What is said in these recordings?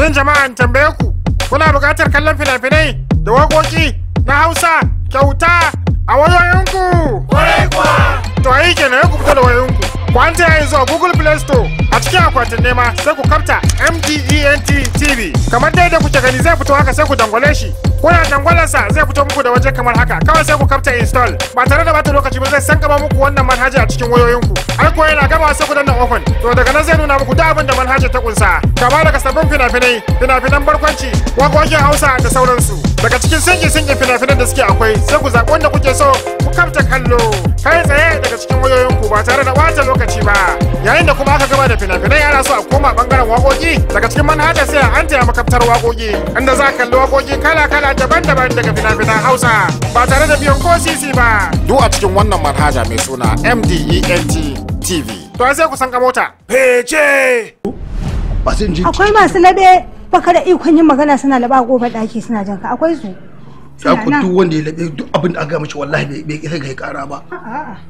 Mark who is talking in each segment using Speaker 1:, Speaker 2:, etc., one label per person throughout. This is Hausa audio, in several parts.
Speaker 1: Shin an tambaye ku kuna buƙatar kallon fina-finai da waƙoƙi na Hausa kyauta a wayoyinku? Ƙwarai kuwa! To ayi kenan ya ku da wayoyinku. Ku an yanzu a Google Play Store a cikin akwatin nema sai ku kafta mdent tv kamar dai da kuke gani zai fito haka sai ku dangwale shi kuna dangwalarsa zai fito muku da waje kamar haka kawai sai ku kafta install ba tare da bata lokaci ba zai san gaba muku wannan manhaja a cikin wayoyinku har ko yana gama sai ku danna open to daga nan zai nuna muku duk abin da manhaja ta kunsa kama daga sabbin fina-finai fina-finan barkwanci waƙoƙin hausa da sauransu daga cikin sinki-sinki fina-finan da suke akwai sai ku zaɓi wanda kuke so ku kamta kallo kai tsaye daga cikin wayoyinku ba tare da ɓata lokaci ba yayin da kuma aka gama da fina-finai ana so a koma bangaren wakoki daga cikin manhaja sai an taya makaftar wakoki inda za a kalli wakoki kala-kala daban-daban daga fina-finan hausa ba tare da biyan ko sisi ba duk a cikin wannan manhaja mai suna mdent tv to sai ku san mota fece akwai masu
Speaker 2: nade baka da ikon yin magana suna laba gobe daki suna janka akwai su ya ku duk wanda
Speaker 3: ya labe duk abin da aka mishi wallahi bai isa ga ya kara ba
Speaker 2: a'a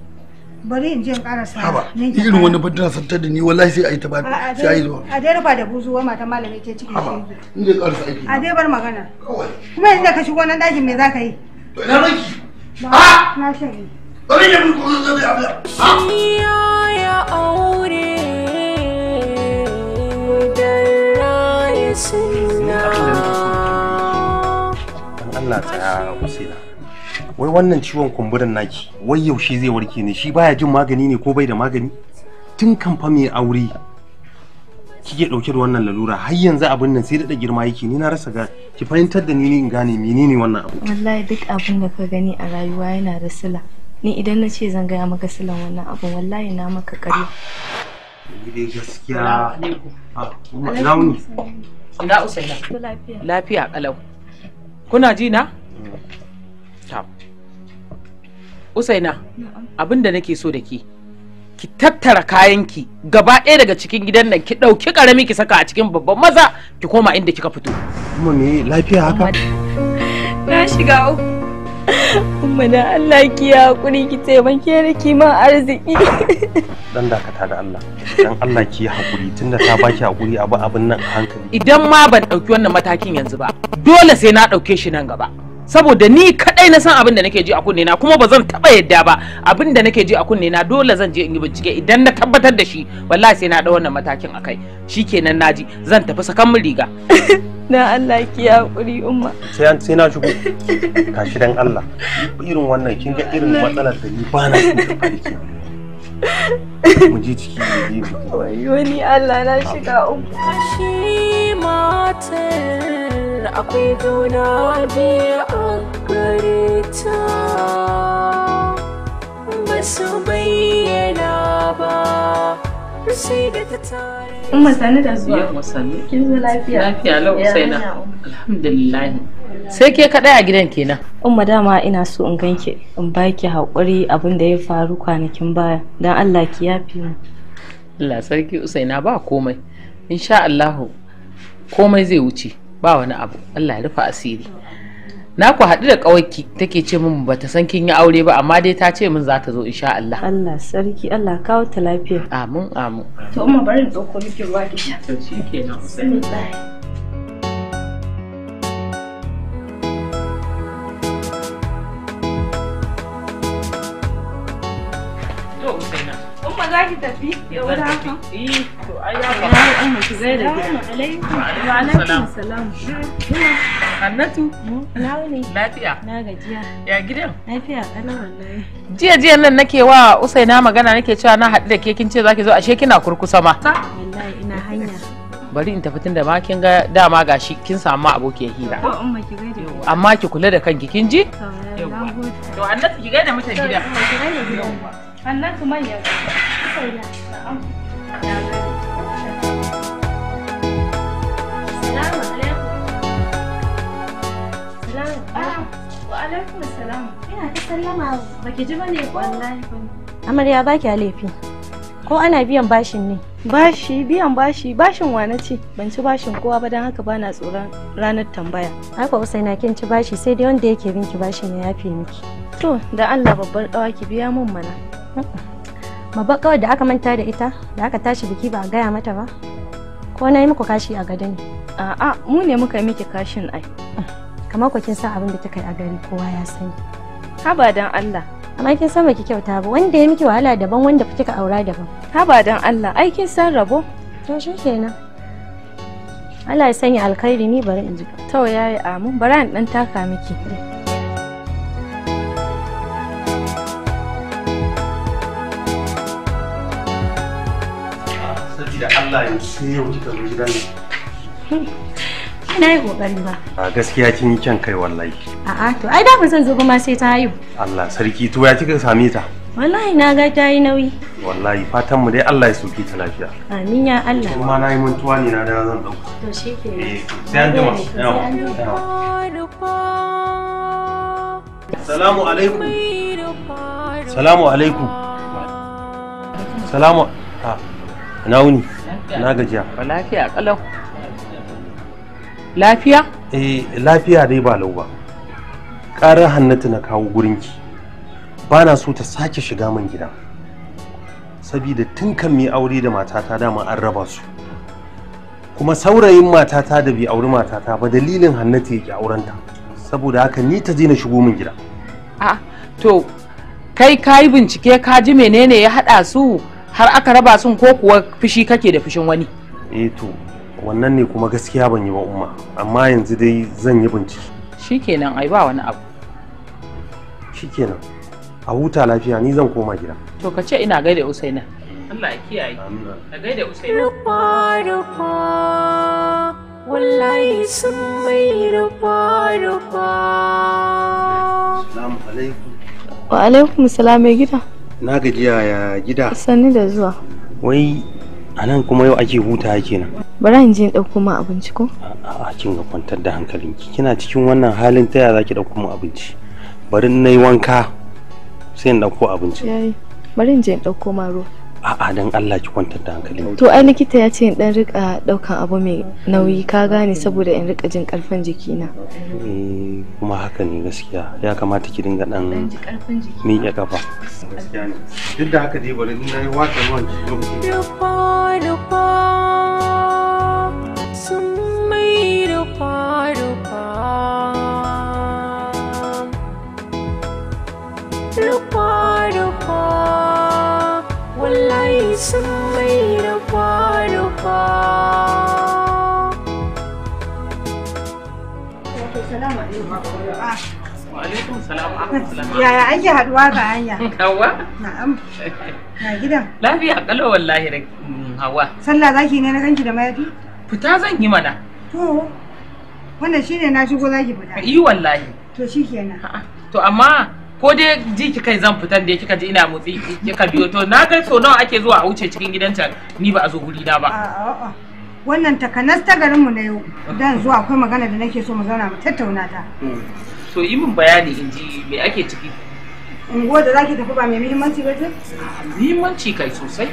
Speaker 2: bari in je in ƙara sa haba irin
Speaker 3: wani santar da ni wallahi sai a yi ta sai a yi zuwa
Speaker 2: a dai rufa da buzuwa mata malami ke haba
Speaker 3: in je ƙara sa a
Speaker 2: dai bar magana kuma yanzu ka shigo ɗakin me za yi
Speaker 4: to ina na shan bari ne mun kuma zai abu ha ya aure da rayu suna
Speaker 5: Allah wai wannan ciwon kumburin naki wai yaushe zai warke ne shi baya jin magani ne ko bai da magani tun kamfa mai aure kike dauke da wannan lalura har yanzu abin nan sai da girma yake ni na rasa ga ki fahimtar da ni in gane menene wannan abu
Speaker 6: wallahi duk abin da ka gani a rayuwa yana da sila ni idan na ce zan gaya maka silan wannan abu wallahi
Speaker 7: na maka kare
Speaker 5: gaskiya ah,
Speaker 7: lafiya lafiya kalau kuna ji na mm. usaina abin da nake so da ke ki tattara kayanki gaba ɗaya daga cikin gidan nan ki ɗauki ƙarami ki saka a cikin babban maza ki koma inda kika fito.
Speaker 5: Umma me lafiya haka?
Speaker 7: Na shiga o. Umma na Allah ki ya haƙuri ki taimake ni ki ma arziki.
Speaker 5: Dan dakata da Allah. Dan Allah ki ya haƙuri tun da ta baki hakuri abu abin nan a hankali.
Speaker 7: Idan ma ban ɗauki wannan matakin yanzu ba dole sai na ɗauke shi nan gaba. saboda ni kadai na san abin da nake ji a kunne na kuma ba zan taba yadda ba abin da nake ji a kunne na dole zan je in yi bincike idan na tabbatar da shi wallahi sai na da wannan matakin akai shikenan naji zan tafi sakan mu riga
Speaker 6: na Allah ki hakuri umma
Speaker 5: sai an sai na shigo kashi dan Allah irin wannan kin ga irin matsalar da ni ba na cikin
Speaker 4: mu je ciki ne wani Allah na shiga umma shi matar akwai gona biya gare ta ba su da ta tare
Speaker 6: Umma sani da zuwa. Yau sani. Kin zo
Speaker 7: lafiya. Lafiya lau Usaina. Alhamdulillah. Sai ke kaɗai a gidan kenan. Umma
Speaker 6: dama ina so in ganki in baki haƙuri abin da ya faru kwanakin baya don Allah
Speaker 7: ki yafi mu. Allah sarki Usaina ba komai. Insha Allahu komai zai wuce ba wani abu. Allah ya rufa asiri. na ku haɗu da ƙawarki take ce min bata san kin yi aure ba amma dai ta ce min za ta zo insha Allah Allah sarki Allah kawo ta lafiya amin amin to amma bari in ɗauko miki ruwa ki sha to shikenan bismillah za ki tafi ya wuri haka? Eh, to
Speaker 1: ai ya ba. Ya umma ki gaida gida. Wa alaikum
Speaker 7: salam. annatu Ya gidan? Jiya jiya nan nake wa Usaina magana nake cewa na haɗu da ke kin ce zaki zo ashe kina kurkusa ma. Bari in tafi da ma kin ga dama gashi kin samu abokiyar hira. Amma ki kula da kanki kin ji? To annatu ki gaida mata gida.
Speaker 6: alaikum
Speaker 8: salam. Ina ta sallama baki ji bane ko? Amarya baki a laifi. Ko ana biyan bashin ne? Bashi biyan bashi bashin wane ce? Ban ci bashin kowa ba don
Speaker 6: haka bana tsoron ranar tambaya.
Speaker 8: Haka na kin ci bashi sai dai wanda yake binki bashin ya yafe miki. To da Allah
Speaker 6: babbar dawa ki biya mun mana.
Speaker 8: Babbar kawai da aka manta da ita da aka tashi biki ba a gaya mata ba. Ko na yi muku kashi a gado
Speaker 6: A'a mu ne muka yi miki kashin ai. Ah. kamar ku kin san abin da kika yi a gari kowa ya sani haba dan Allah
Speaker 8: amma kin san baki kyauta ba wanda ya miki wahala daban wanda kika aura daban haba dan Allah ai kin san rabo to shi kenan Allah ya sanya alkhairi ni bari in ji to yayi amin bari an dan taka miki
Speaker 5: da Allah ya sai yau kika zo gidan nan
Speaker 8: Na yi kokari ba.
Speaker 5: A gaskiya kin yi kyan kai wallahi.
Speaker 8: A'a to ai da ban zan zo kuma ma sai ta haihu.
Speaker 5: Allah sarki to ya kika same ta?
Speaker 8: Wallahi na ga ta yi nauyi.
Speaker 5: Wallahi fatan mu dai Allah ya soke ta lafiya.
Speaker 8: Amin ya Allah.
Speaker 7: Kuma
Speaker 5: na yi mantuwa ne na da zan dauko. To shike. Eh sai an jima.
Speaker 4: Salamu alaikum. Salamu alaikum. Salamu.
Speaker 5: Ah, na wuni.
Speaker 4: Na gajiya. Lafiya kalau.
Speaker 5: lafiya? eh lafiya dai ba lau ba ƙarar hannatu na kawo gurinki ba na so ta sake shiga min gida sabida tun kan mai aure da matata dama an raba su kuma saurayin matata da bi auri matata ba dalilin hannatu yake aurenta saboda haka ni ta je na shigo min gida
Speaker 7: a to kai kayi bincike ka ji menene ya haɗa su har aka raba sun ko kuwa fushi kake da fushin wani
Speaker 5: eh to wannan ne kuma gaskiya ban yi wa umma amma yanzu dai zan yi bincike
Speaker 7: shikenan ai ba wani abu
Speaker 5: shikenan a huta lafiya ni zan koma gida
Speaker 7: to ka ce ina gaida usaina Allah ya kiyaye ka gaida usaina
Speaker 4: rufa rufa wallahi sun mai rufa rufa
Speaker 2: assalamu alaikum
Speaker 6: wa alaikum salam mai gida
Speaker 5: na gajiya ya gida sanni da zuwa wai anan kuma yau ake huta kenan
Speaker 6: bari in je in ɗauko ma abinci ko
Speaker 5: a'a kin ga kwantar da hankalinki kina cikin wannan halin ta yaya zaki ɗauko ma abinci bari in nayi wanka sai in ɗauko abinci
Speaker 6: yayi bari in je in ɗauko ma ruwa
Speaker 5: a'a dan Allah ki kwantar da hankalinki to
Speaker 6: ai likita ya ce in dan rika ɗaukan abu mai nauyi ka gane saboda in rika jin ƙarfin jikina
Speaker 5: eh kuma haka ne gaskiya ya kamata ki dinga dan miƙe kafa gaskiya ne duk da haka dai bari in nayi watsa
Speaker 4: ruwan ki zo sun mai rufa-rufa
Speaker 7: Yaya ake haduwa ga hanya? Hawa? Na'am. Na gidan. Lafiya kalo wallahi da mm, hawa.
Speaker 2: Sallah zaki ne na ganki da mayafi? Fita zan yi mana. To. Wannan shine na shigo zaki fita. Yi wallahi. To shikenan.
Speaker 7: To amma ko dai ji ki kai zan fitan da kika ji ina motsi kika biyo to na kai so nawa ake zuwa a wuce cikin gidanta ni ba a zo guri na
Speaker 2: ba wannan takanas ta garin mu na yau dan zuwa akwai magana da nake so mu zauna mu tattauna ta
Speaker 7: so yi min bayani in ji me ake ciki
Speaker 2: unguwar da zaki tafi ba mai muhimmanci ba ce muhimmanci kai sosai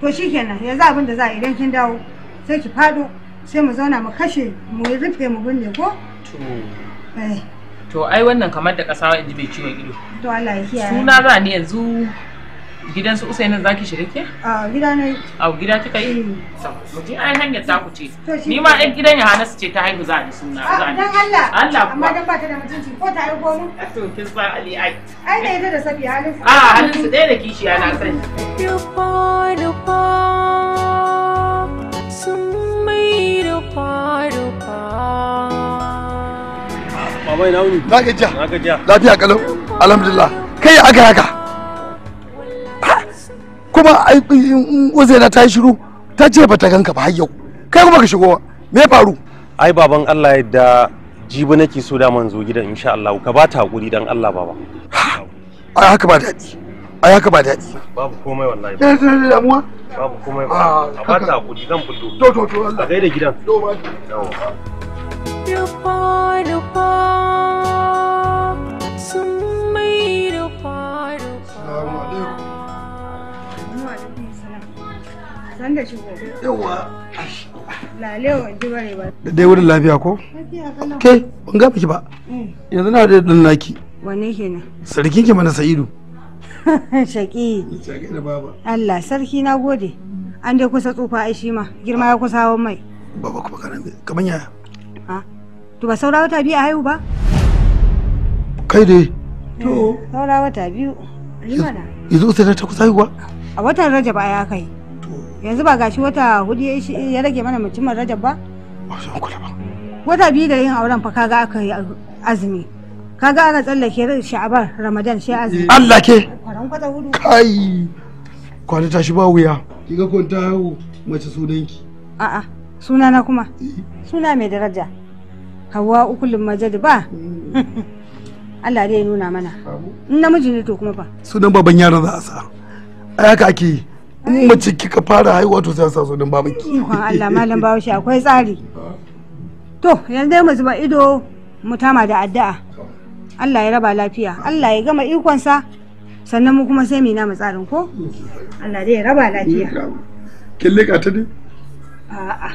Speaker 2: to shikenan yanzu abin da za a idan kin dawo sai ki fado sai mu zauna mu kashe mu rufe mu binne ko to eh
Speaker 7: to ai wannan kamar da kasawa in ji mai ciwon ido
Speaker 2: to Allah ya kiyaye suna za ni yanzu
Speaker 7: gidan su usaini ki shiga ke
Speaker 2: a gida ne
Speaker 7: a gida kika yi eh. mutum ai hanyar ta ku ce ni ma ɗan gidan ya hanasu ce ta haihu za ni suna za ni ah, dan Allah Allah kuma
Speaker 2: amma dan ba ta da mutunci ko ta haihu mu eh, to kin sa Ali ai ai da ita da sabi halin a ah, halin su ɗaya da kishi ana sani rufa
Speaker 4: paro
Speaker 3: Baba ina wuni. Na gajiya. Na gajiya. Lafiya kalau. Alhamdulillah. Kai ya aka haka. Kuma uzaina ta yi shiru ta ce ba ta ganka ba yau. Kai kuma ka shigo me faru?
Speaker 5: Ai baban Allah yadda jibi nake so da man zo gidan insha Allah ka ba ta hakuri dan Allah baba. Ai haka ba daɗi. ai haka ba daɗi babu komai wallahi ba da damuwa babu komai ba ah, a ba ta hakuri zan fito to to to Allah gaida gidan to ba
Speaker 2: da dai wurin lafiya ko? ke ban gafa ki ba mm.
Speaker 3: yanzu na da dan naki wane kenan sarkin ki mana sa'idu
Speaker 2: shaki Allah sarki na gode an dai kusa tsufa ai shi ma girma ya kusa hawan mai baba kuma to ba saura wata biyu a haihu ba kai dai to saura wata biyu limana
Speaker 3: yanzu sai ta kusa haihuwa
Speaker 2: a watan rajab a ya kai yanzu ba gashi wata hudu ya rage mana mutumin rajab ba wata biyu da yin auren fa kaga aka yi azumi kaga aka tsallake sha'abar ramadan sai azumi Allah ke
Speaker 3: kai kwana tashi ba wuya kiga kwanta haihu mace sunanki
Speaker 2: a'a suna na kuma eh. suna mai daraja hawa ukulin majad ba mm. Allah dai ya nuna mana in namiji ne to kuma ba
Speaker 3: sunan baban yaran za a sa ai haka ake yi in mace kika fara haihuwa to sai a sa sunan baban ki
Speaker 2: ikon Allah malam bawo shi akwai tsari to yanzu dai mu zuba ido mu tama da addu'a Allah ya raba lafiya Allah ya gama ikonsa sannan mu kuma sai mu na mu tsarin ko mm. Allah dai ya raba lafiya
Speaker 3: kin lika ta dai
Speaker 2: a'a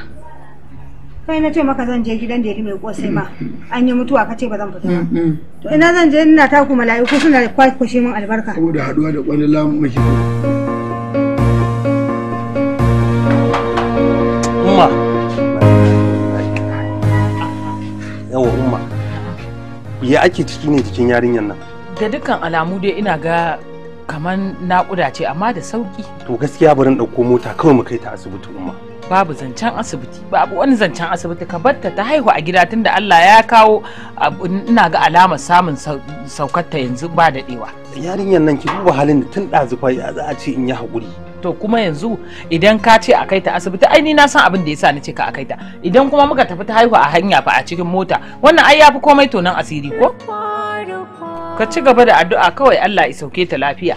Speaker 2: kai na ce maka zan je gidan da ya mai kosai ma mm-hmm. an yi mutuwa ka ce ba zan fita mm-hmm. to ina zan je ina taku mala'iku suna kwakwashe min albarka saboda
Speaker 3: haduwa da kwanin lamun maki
Speaker 5: umma yawa umma ya ake ciki ne cikin yarinyar nan
Speaker 7: da dukkan alamu dai ina ga kaman naƙuda ce amma da sauki
Speaker 5: to gaskiya barin in ɗauko mota kawai mu kai ta asibiti umma
Speaker 7: babu zancen asibiti babu wani zancen asibiti ka batta ta haihu a gida tunda Allah ya kawo ina ga alama samun saukarta yanzu ba dewa
Speaker 5: yarinyar nan ki duba halin da tun ɗazufa a ce in yi haƙuri
Speaker 7: to kuma yanzu idan ka ce a ta asibiti ai ni na san abin da yasa na ce ka a ta idan kuma muka tafi ta haihu a hanya fa a cikin mota wannan ai yafi komai to nan asiri ko ka ci gaba da addu'a kawai Allah ya sauke ta lafiya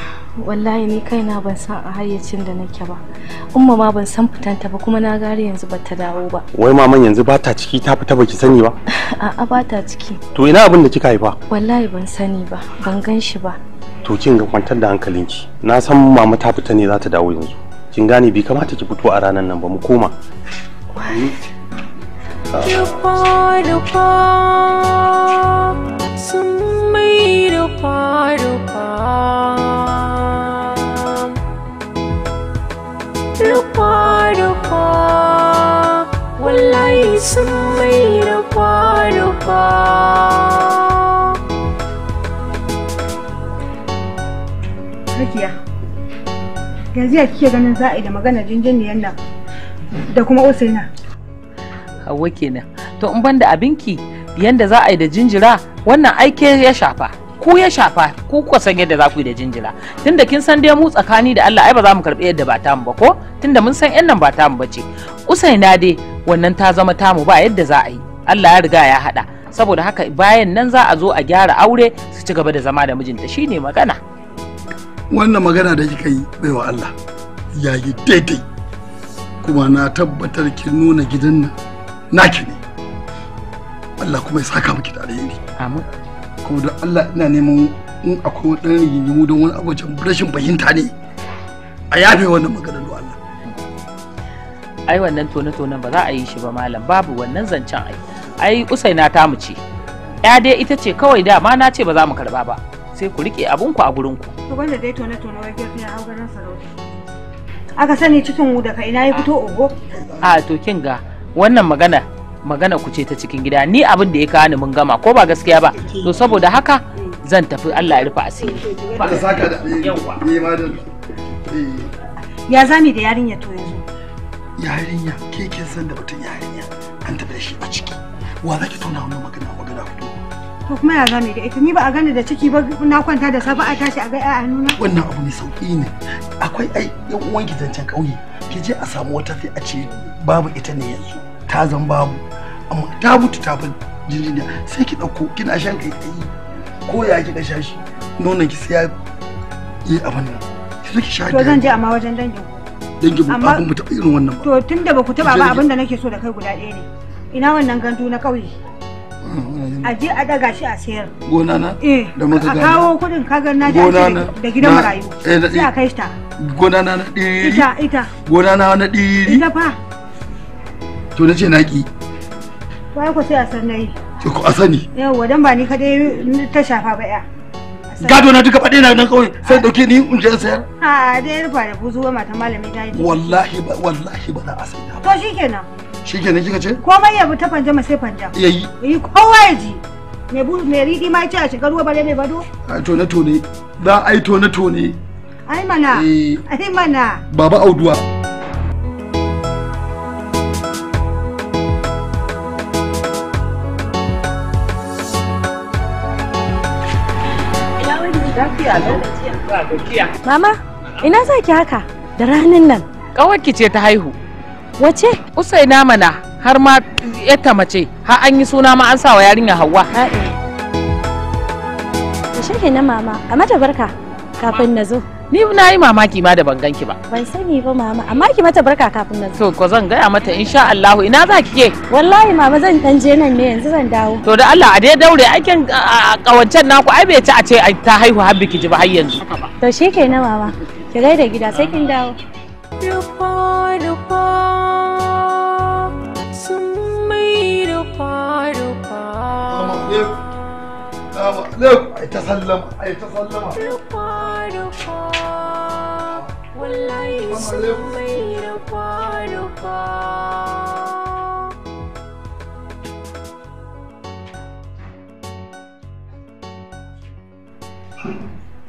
Speaker 6: wallahi ni kaina ban san a hayyacin da nake ba umma ma ban san fitanta ba kuma na gari yanzu ba ta dawo ba
Speaker 5: wai maman yanzu ba ta ciki ta fita baki sani ba
Speaker 6: a'a ba ta ciki
Speaker 5: to ina abin da kika haifa
Speaker 6: wallahi ban sani ba ban gan shi ba
Speaker 5: to kin ga kwantar da hankalinki na san mama ta fita ne za ta dawo yanzu kin gane bi kamata ki fito a ranar nan ba mu koma
Speaker 4: ah. Rufa rufa sun sun mai rufa-rufa Rakiya,
Speaker 2: yanzu ya kike ganin za a yi da maganar jinjiniyar nan da kuma usaina.
Speaker 7: Hawa kenan, to in ban da abinki yanda za a yi da jinjira wannan aike ya shafa. Ku ya shafa ku kuwa san yadda za ku yi da jinjira tunda kin san dai mu tsakani da Allah ai ba za mu karɓi yadda ba ta mu ba ko tunda mun san yan nan ba ta mu ba ce usaina dai wannan ta zama tamu ba yadda za a yi Allah ya riga ya haɗa saboda haka bayan nan za a zo a gyara aure su ci gaba da zama da mijinta shine magana
Speaker 3: wannan magana da kika yi baiwa Allah ya yi daidai kuma na tabbatar ki nuna gidan nan naki ne Allah kuma ya saka miki da alheri amin kuma don Allah ina neman in akwai wani mu don wani abu rashin fahimta ne a yafe wannan magana
Speaker 7: ai wannan tone-tonen ba za a yi shi ba malam babu wannan zancen ai ai usaina ta mu ce ya dai ita ce kawai da ma na ce ba za mu karba ba sai ku rike abun ku a gurin ku
Speaker 2: to banda dai tone-tone wai gefe ya hau sarauta aka sani cikin mu daga ina ya fito ogo
Speaker 7: a to kin ga wannan magana magana ku ce ta cikin gida ni abin da ya kawo ni mun gama ko ba gaskiya ba to saboda haka zan tafi Allah ya rufa asiri
Speaker 3: ba da saka da yawa
Speaker 2: ya zami da yarinya to yanzu
Speaker 3: yarinya ke kin san da batun yarinya an tafi da shi a ciki wa zaki tona wannan magana magana ku
Speaker 2: to kuma ya gane da ita ni ba a gane da ciki ba na kwanta da safe a tashi a ga a nuna wannan
Speaker 3: abu mai sauki ne akwai ai yan uwan ki zancen kauye ki je a samu wata fi a ce babu ita ne yanzu ta zan babu amma ta mutu ta bin jinjina sai ki dauko kina shan kai kai ko ya ki da shashi nonon ki sai ya yi abin nan ki zo ki sha to zan je
Speaker 2: amma wajen dangin
Speaker 3: dangin mu ba mu taɓa irin wannan
Speaker 2: ba to tunda ba ku taɓa ba abinda nake so da kai guda ɗaya ne ina wannan gandu na kauye mm, a je a daga shi a sayar gona na eh,
Speaker 3: da muka gani a kawo
Speaker 2: kudin kagar na da gidan marayu eh, sai a kai ta
Speaker 3: gona na na ɗiri ita ita gona na na ɗiri ita fa to na ce na ki
Speaker 2: to ai ko sai a san nayi
Speaker 3: ko a sani
Speaker 2: yawa dan ba ni kadai ta shafa ba ya
Speaker 3: gado na duka faɗi na nan kawai sai dauke ah. ni in je in sayar
Speaker 2: ha dai rufa da buzuwa mata malami ta yi wallahi
Speaker 3: ba wallahi ba za a sai
Speaker 2: to shikenan
Speaker 3: shikenan kika ce
Speaker 2: komai ya ta fanja ma sai fanja yayi yi kowa ya ji me bu me ridi ma ce a shiga ruwa bare me bado
Speaker 3: a to na tone da ai to na ne
Speaker 2: ai mana eh. ai mana
Speaker 3: baba auduwa
Speaker 7: Lafiya Mama, ina za ki haka da ranin nan? Ƙawarki ce ta haihu. Wace? Usaina mana har ma yata mace har an yi suna ma an sa wa yarinya Hauwa. Haɗe.
Speaker 8: Shi kenan mama, a mata barka kafin na zo.
Speaker 7: Ni na yi mamaki ma da ban ganki ba.
Speaker 8: Ban sani ba mama, amma ki mata barka kafin nan.
Speaker 7: To ko zan gaya mata insha Allah ina za ki ke? Wallahi mama zan dan je nan ne yanzu zan dawo. To da Allah a dai daure aikin kawancen naku ai bai ci a ce ta haihu har biki ji ba har yanzu.
Speaker 8: To shikenan mama. Ki gaida gida sai kin
Speaker 4: dawo. Yeah. Look, ai ta sallama, ai ta sallama. Rufa rufa, wallahi sun mai rufa rufa.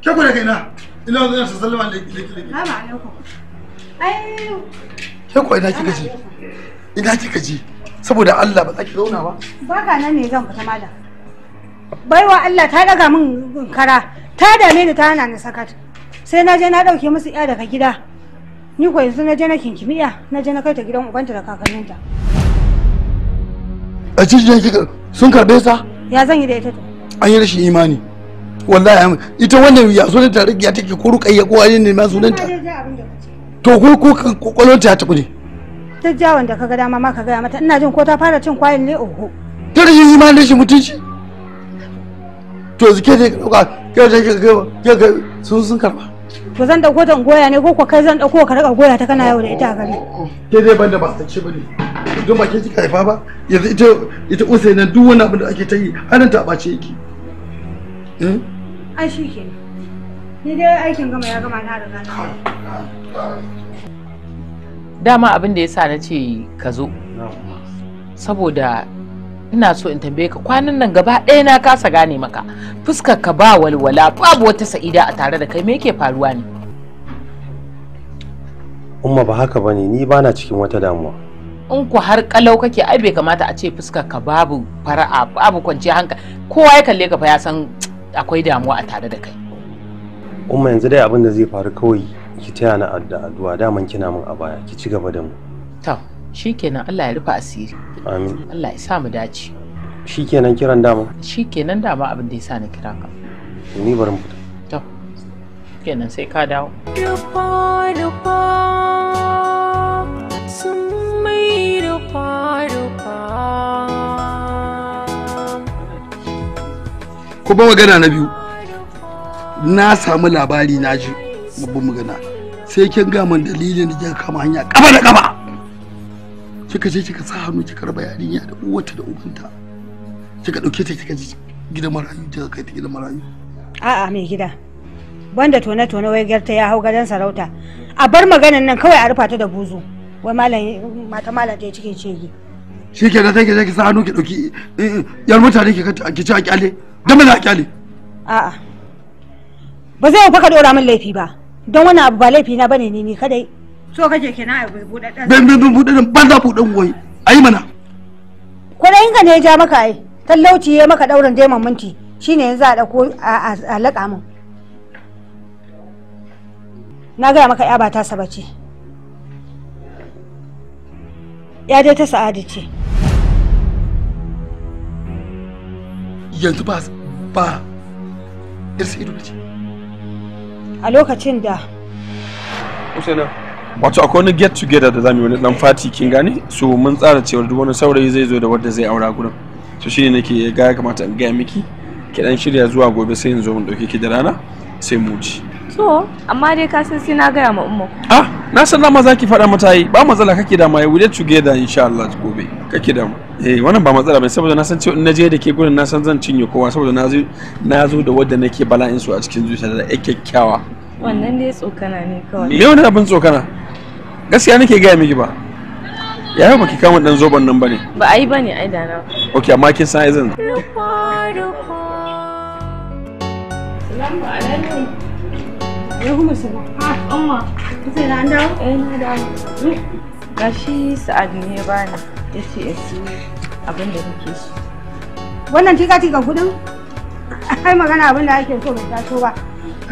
Speaker 3: ku kaina, ina wanzu yana sallama da kile-kile.
Speaker 2: Ba ma alaikum.
Speaker 3: Ai. ina kika ji? Ina ji? Saboda Allah ba za zauna ba?
Speaker 2: Baka nan ne zan fita malam. baiwa Allah ta daga min kara ta dame ni ta hana ni sakat sai na je na dauke musu iya daga gida ni ko yanzu na je na kinkimi iya na je na kai ta gidan ubanta da kakanninta
Speaker 3: a cikin kika sun karbe sa
Speaker 2: ya zan yi da ita
Speaker 3: an yi rashin imani wallahi ita wannan ya ne ta rigiya take ko rukayya ko ayin ne ma sunan ta to ko ko kokolon ta ta kudi
Speaker 2: ta da ka kaga dama ma ka ga mata ina jin ko ta fara cin kwayin ne oho
Speaker 3: ta rashin imani rashin mutunci to yanzu ke je ka dauka ke je ke ke sun sun karba
Speaker 2: ba zan dauko ta goya ne ko ko kai zan dauko ka rika goya ta kana yau da ita a gari
Speaker 3: ke dai banda ba ta ce bane don ba ke kika haifa ba yanzu ita ita usaina duk wani abin da ake ta yi hannun ta bace yake
Speaker 7: eh
Speaker 2: ai shi ke ni dai aikin gama ya gama na riga
Speaker 7: dama abin da yasa sa na ce ka zo saboda ina so in tambaye ka kwanan nan gaba ɗaya na kasa gane maka fuskar ka ba walwala babu wata sa'ida a tare da kai me yake faruwa ne
Speaker 5: umma ba haka bane ni bana cikin wata damuwa
Speaker 7: in ku har kalau kake ai bai kamata a ce fuskar ka babu fara'a babu kwanciyar hankali kowa ya kalle ka fa ya san akwai damuwa a tare da kai
Speaker 5: umma yanzu dai abin da zai faru kawai ki taya na addu'a dama kina min a baya ki ci gaba da mu
Speaker 7: to shikenan Allah ya rufa asiri amin Allah ya sa mu dace
Speaker 5: shikenan kiran dama
Speaker 7: shikenan dama abin da ya sa ni kira ka ni barin fita to kenan sai ka dawo
Speaker 4: rufa rufa sun mai rufa rufa
Speaker 3: ko ba magana na biyu na samu labari na ji babban magana sai kin ga man dalilin da kika kama hanya kafa da kafa kika je kika sa hannu kika raba yarinya da uwata da ubanta kika dauke ta kika je gidan marayu kika kai ta gidan marayu
Speaker 2: a'a mai gida banda tone tone wai garta ya hau gadon sarauta a bar maganan nan kawai a rufa ta da buzu wai malam mata malam ta cike cege shi
Speaker 3: ke nan take ki sa hannu ki dauki eh, yar mutane ki ki ci a kyale ba za a kyale
Speaker 2: a'a ba zai fa ka dora min laifi ba don wani abu ba laifi na bane ni ni kadai so kake kenan a buɗaɗɗen ban ban buɗaɗɗen ban za buɗaɗɗen wai ayi mana kuɗin ka ne ya ja maka ai tallauci ya maka ɗaurin daiman minti shine yanzu a ɗauko a laƙa min na gaya maka ya ba ta saba ce ya dai ta sa'adi ce
Speaker 3: yanzu ba ba
Speaker 2: irsa ido ce a lokacin da
Speaker 3: Usaina wato akwai wani get together da zamu yi wani dan fati kin gane so mun tsara cewa duk wani saurayi zai zo da wanda zai aura gurin so shine nake ga ya kamata in gaya miki ki dan shirya zuwa gobe sai in zo mun dauke ki da rana sai mu ci
Speaker 6: so amma dai ka san sai na gaya ma umma ah
Speaker 3: na san ma zaki faɗa mata yi ba matsala kake da mai wuce together insha Allah gobe kake da mu eh wannan ba matsala bane saboda na san cewa in naje da ke gurin na san zan cinye kowa saboda na zo na zo da wanda nake bala'in su a cikin zuciya da kyakkyawa
Speaker 6: wannan dai tsokana ne kawai me wani abin
Speaker 3: tsokana gaskiya nake gaya miki ba ya yi baki kama dan zoban nan bane
Speaker 6: ba ai bane ai da na
Speaker 3: ok amma kin san izin
Speaker 7: salamu alaikum
Speaker 6: ya kuma salam ha amma zai eh na dawo mm. gashi sa'ad ne ya bani yace in ci abin da kake so
Speaker 2: wannan tika tika kudin ai magana abin da ake so bai taso ba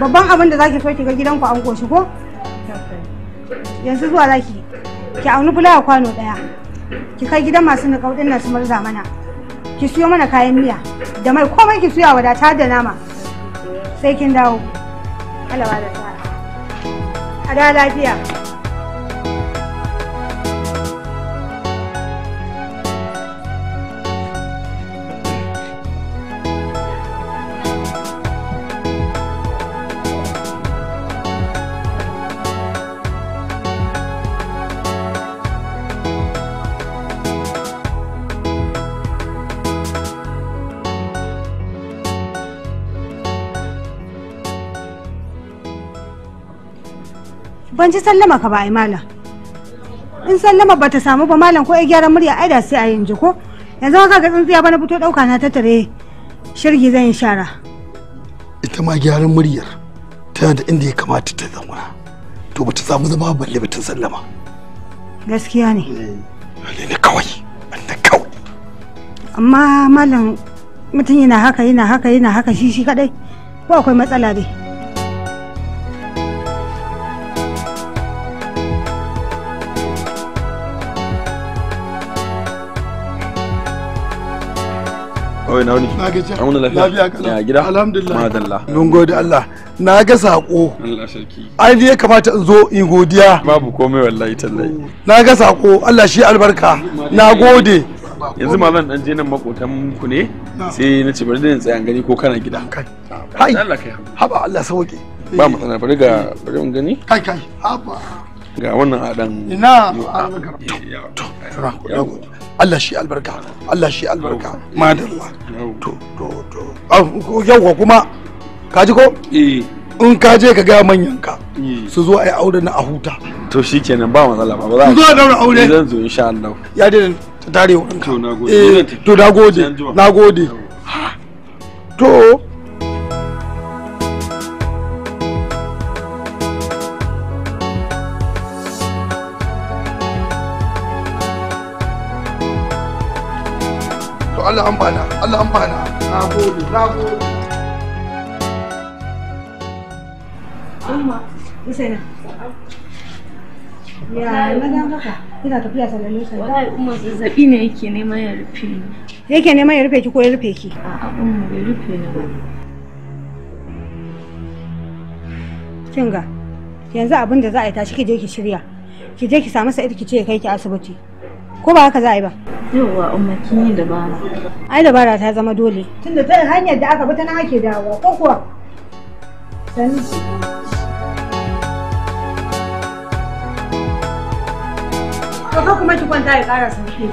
Speaker 2: babban abin da zaki so ki ga gidanku an koshi ko yanzu zuwa zaki ki auni bulawa kwano daya ki kai gidan masu niƙau nan su mana ki siyo mana kayan miya da mai komai ki suya wadata da nama sai kin dawo kalawa da tsara a da lafiya ban ji sallama ka ba ai malam in sallama bata samu ba malam ko ai gyaran murya ai da sai a yanzu ko yanzu ka ga tsintsiya ba na fito dauka na tattare shirgi zan yi shara
Speaker 3: ita ma gyaran muryar tana da inda ya kamata ta zama to ba ta samu zama balle bata sallama
Speaker 2: gaskiya ne eh, lalle ne kawai annan kawai amma malam mutum yana haka yana haka yana haka shi shi kadai ko akwai matsala dai
Speaker 3: Oi na wuni. Na ga An lafiya. Lafiya Ya gida. Alhamdulillah. Madalla. Mun gode Allah. Na ga sako. Allah sarki. Ai ne ya kamata in zo in godiya. Babu komai wallahi tallahi. Na ga sako. Allah shi albarka. Na gode. yanzu ma zan dan je nan makotan ku ne sai na ce bari da tsayan gani ko kana gida kai haba Allah sauke ba matsala bari ga bari mun gani kai kai haba ga wannan adan ina ah, Allah shi albarka Allah shi albarka madalla to to to ah, yawwa kuma ka ji ko eh in ka je ka gaya manyanka eh. su zo a yi aure na a huta to shi kenan ba matsala ba za a zo daura aure zan zo insha Allah ya dai ta tare wurin to nagode eh, to nagode nagode to Allah amfana Allah amfana na gode na gode
Speaker 8: Umma
Speaker 2: Ya
Speaker 6: haka kina tafiya sallallahu alaihi wallahi umma zazzabi ne yake neman
Speaker 4: ya rufe ni
Speaker 2: yake neman ya rufe ki ko ya rufe ki a'a umma bai rufe ni ba kin ga yanzu abin da za a yi tashi ki je ki shirya ki je ki samu sa'id ki ce kai ki asibiti ko ba haka za a yi ba yauwa umma kin yi dabara ai dabara ta zama dole tunda ta hanyar da aka bi ta na ake dawowa ko kuwa sani Kafa kuma ki kwanta ya ƙara sauke ki.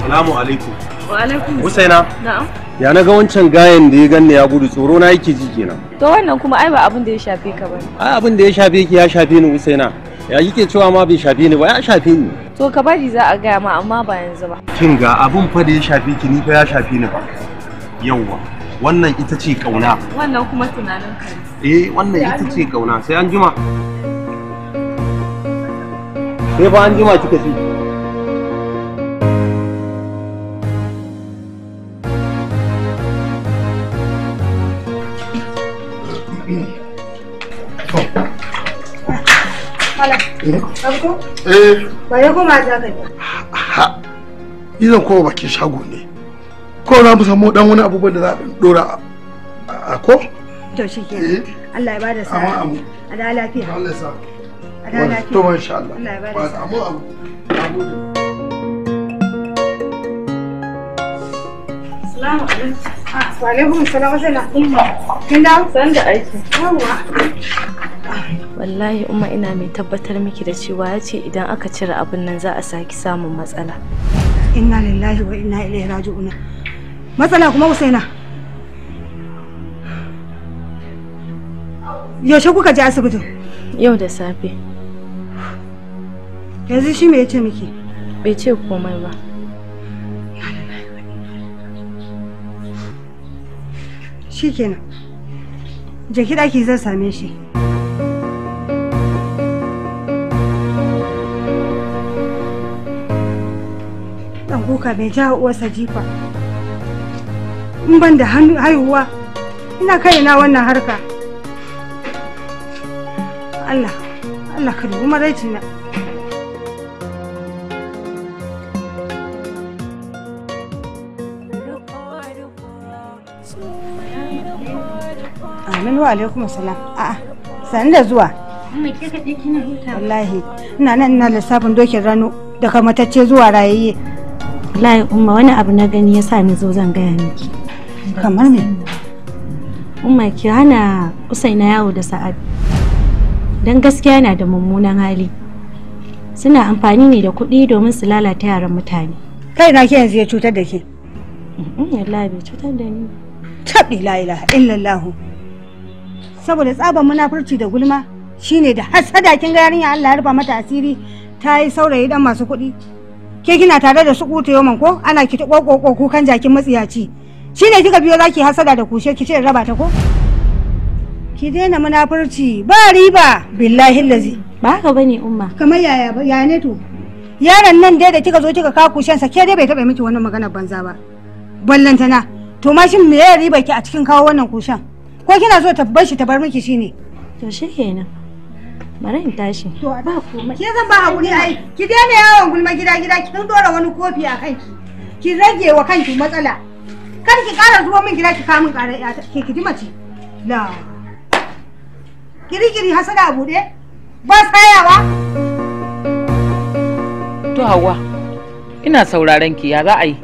Speaker 5: Salamu alaikum.
Speaker 6: alaikum. Na'am.
Speaker 5: Ya naga wancan gayen da ya ganni ya gudu tsoro na yake ji kenan.
Speaker 6: To wannan kuma ai ba abin da ya shafe ka bane.
Speaker 5: Ai abin da ya shafe ki ya shafe ni Usaina. Ya kike cewa ma bai shafe ni ba ya shafe ni.
Speaker 6: To ka bari za a gaya ma amma ba yanzu ba.
Speaker 5: Kin ga abin fa da ya shafe ki ni fa ya shafe ni ba. Yawwa. Wannan ita ce kauna.
Speaker 6: Wannan kuma tunanin kai.
Speaker 5: Eh wannan ita ce kauna sai an jima. Sai ba an jima kika ji.
Speaker 2: Eh. Ba ya
Speaker 3: bakin shago ne. Ko na mu samu dan wani abubuwan da za a dora a ko? To shi ke. Eh.
Speaker 2: Allah ya bada sa'a. Amma A da lafiya. Allah ya sa. A da lafiya. To masha Allah. Allah ya bada sa'a. Amma abu. Assalamu alaikum. Ah, wa alaikum salam wa rahmatullah. Kin dawo? San da aiki. Yawwa.
Speaker 6: wallahi umma ina mai tabbatar miki da cewa ya ce idan aka cire abin nan za a saki samun matsala
Speaker 2: inna lillahi wa inna ilaihi raji'un matsala kuma usaina yaushe kuka je asibitin yau da safe yanzu shi me ya ce miki bai ce komai ba shikenan je ki zan same shi kuka bai ja uwarsa jifa in ban da haihuwa ina kaina wannan harka Allah Allah ka dubi maraicina Aminu alaikum salam. A'a, sani da zuwa. Wallahi, ina nan ina lissafin dokin rano daga matacce zuwa rayayye. wallahi umma wani abu na gani yasa ni zo zan gaya miki kamar me
Speaker 8: umma ki hana usaina yawo da sa'ad don gaskiya yana da mummunan hali suna amfani ne da kuɗi domin su lalata yaran mutane kai na ke yanzu ya cutar da ke
Speaker 2: wallahi bai cutar da ni tabi la ilaha illallah saboda tsaban munafurci da gulma shine da hasada kin ga yarinya Allah ya rufa mata asiri ta yi saurayi dan masu kuɗi ke kina tare da su kuta yoman ko ana ki kokoko kukan jakin matsiyaci shine kika biyo zaki hasada da kushe ki ce raba ta ko ki daina munafurci ba riba billahi lazi ba haka bane umma kamar yaya yaya ne to yaron nan dai da kika zo kika kawo kushen sa ke dai bai taba miki wannan maganar banza ba ballantana to ma shin me ya riba ki a cikin kawo wannan kushen ko kina so ta bar shi ta bar miki shine to shikenan Mara in tashi to ba komai ke zan ba hakuri ai ki daina yawon gulma gida gida ki dan dora wani kofi a kanki ki rage wa kanki matsala kar ki kara zuwa min gida ki kawo min kara ke ki mace la kirikiri hasada a bude ba sayawa
Speaker 7: to Hauwa ina sauraron ki ya za a yi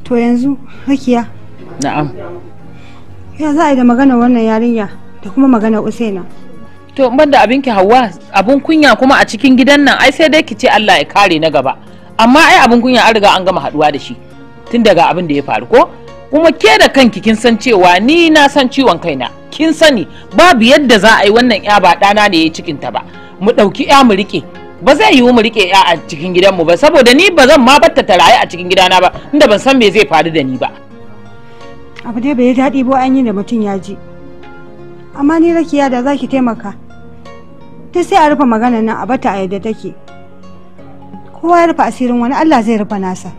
Speaker 2: to yanzu hakiya na'am ya za a yi da magana wannan yarinya da kuma magana usaina to ban da abinki hawa abun kunya kuma a
Speaker 7: cikin gidan nan ai sai dai ki ce Allah ya kare na gaba amma ai abun kunya an riga an gama haduwa da shi tun daga abin da ya faru ko kuma ke da kanki kin san cewa ni na san ciwon kaina kin sani babu yadda za a yi wannan ya ba ɗana ne ya cikin ta ba mu ɗauki ya mu rike ba zai yiwu mu rike ya a cikin gidanmu ba saboda ni ba zan ma batta ta a cikin gidana ba inda ban san me zai faru da ni ba
Speaker 2: abu dai bai daɗi ba an yi da mutum ya ji amma ni rakiya da za taimaka ta sai a rufe maganar nan a bata a yadda take kowa ya rufe asirin wani allah zai rufe nasa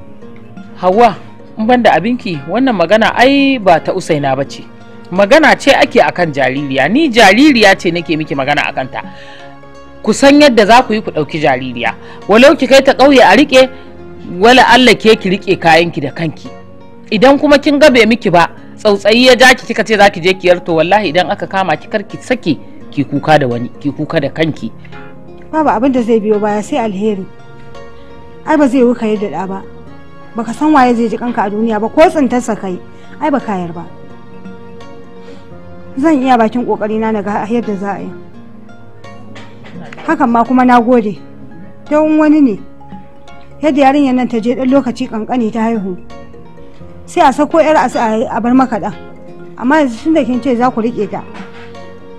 Speaker 7: hawa in ban da abinki wannan magana ai ba ta usaina ba ce magana ce ake akan jaririya ni jaririya ce nake miki magana akan ta ku san yadda za ku yi ku ɗauki jaririya walau ki kai ta ƙauye a rike? wala allah ke ki riƙe kayanki da kanki idan kuma kin gabe miki ba tsautsayi ya ja kika ce zaki je kiyar to wallahi idan aka kama ki karki sake ki kuka da wani ki kuka da kanki
Speaker 2: babu abin da zai biyo baya sai alheri ai ba zai wuka yadda da ba baka san waye zai ji kanka a duniya ba ko tsintarsa kai ai ba kayar ba zan iya bakin kokari na daga yadda za a yi hakan ma kuma na gode don wani ne yadda yarinyar nan ta je dan lokaci kankani ta haihu sai a sako yar a bar maka ɗan amma yanzu tun da kin ce za ku riƙe ta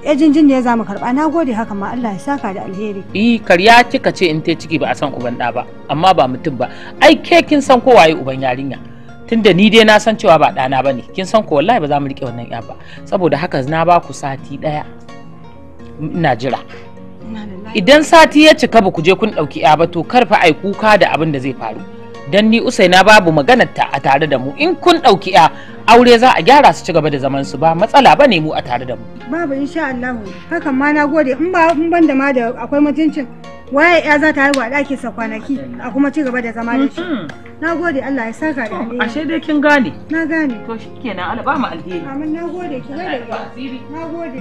Speaker 2: ya jinjin da ya zama karɓa na gode haka ma Allah ya saka da alheri
Speaker 7: eh karya kika ce in te ciki ba a san uban ɗa ba amma ba mutum ba ai ke kin san ko waye uban yarinya tunda ni dai na san cewa ba ɗana ba ne kin san ko wallahi ba za mu riƙe wannan ya ba saboda haka na ba ku sati ɗaya ina jira idan sati ya cika ba ku je kun ɗauki ya ba to kar ai kuka da abin da zai faru dan ni usaina babu maganarta ta a tare da mu in kun ɗauki ya aure za a gyara su ci gaba da zaman su ba matsala ba ne mu a tare
Speaker 2: da mu babu insha Allah hakan ma na gode in ba in ban da ma da akwai mutuncin waye ya za ta haihu a ɗakin sa kwanaki a kuma ci gaba da zama da shi mm-hmm. na gode Allah ya saka da ni. ashe dai kin gane na gane to shikenan Allah ba mu alheri amin na gode ki ga da na gode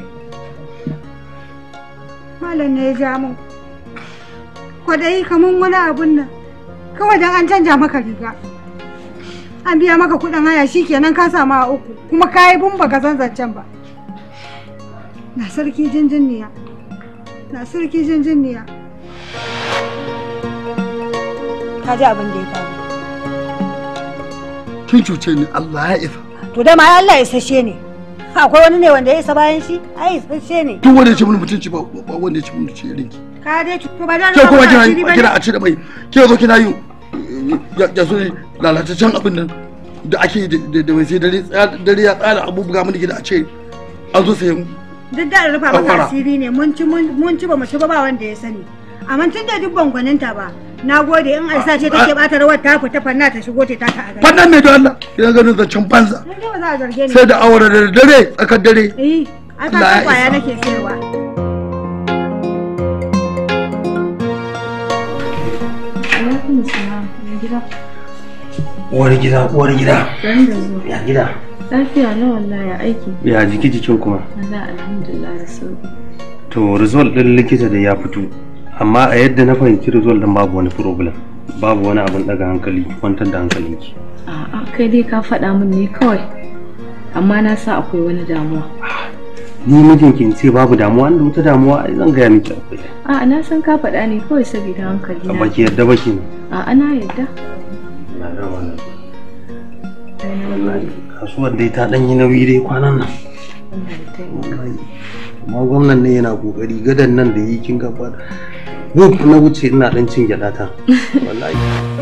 Speaker 2: malam ne ya ja mu kwadai kaman wani abun nan kawai don an canja maka riga an biya maka kuɗin haya shikenan ka samu a uku kuma ka yi bumba ka san zancen ba na sarki jinjiniya na sarki niya ka ji abin da ya faru
Speaker 3: kin cuce ni Allah ya isa
Speaker 2: to dama Allah ya sashe ne akwai wani ne wanda ya isa bayan shi ai sashe ne duk
Speaker 3: wanda ya ci mini mutunci ba wanda ya ci mini mutunci irin ki
Speaker 2: ka dai to ba da na ba ki ba kira a
Speaker 3: ci da mai ki zo kina yi ya so lalataccen abin nan da ake da mai sai dare ya tsara abubuwa mun gida a ce an zo sayan
Speaker 2: duk da rufa maka asiri ne mun ci mun ci ba mu ci ba wanda ya sani amma tun da duk bangwaninta ba na gode in alsa ce take bata rawar ta fita fanna ta shigo ta taka a gari
Speaker 3: fannan ne da Allah ina ganin zancen banza sai da awara da dare tsakar dare
Speaker 2: eh
Speaker 4: a kan kwaya nake sayarwa
Speaker 5: wani gida, wani gida. Ya gida.
Speaker 6: Lafiya na wallahi ya aiki.
Speaker 5: Ya jiki jikin kuma. To result din likita da ya fito. Amma a yadda na fahimci result din babu wani problem. Babu wani abin daga hankali, kwantar da hankalinki.
Speaker 6: A'a kai dai ka faɗa min ne kawai. Amma na sa akwai wani damuwa.
Speaker 5: ni mijinki ki ce babu damuwa inda wata damuwa ai zan gaya miki akwai
Speaker 6: a na san ka faɗa ne kawai saboda hankali na baki
Speaker 5: yadda baki ne ki
Speaker 6: a ana na yadda.
Speaker 5: kasuwar dai ta ɗan yi nauyi dai kwanan nan amma gwamnan ne yana kokari gadan nan da yi kin gaba na wuce ina ɗan cin gyaɗa ta wallahi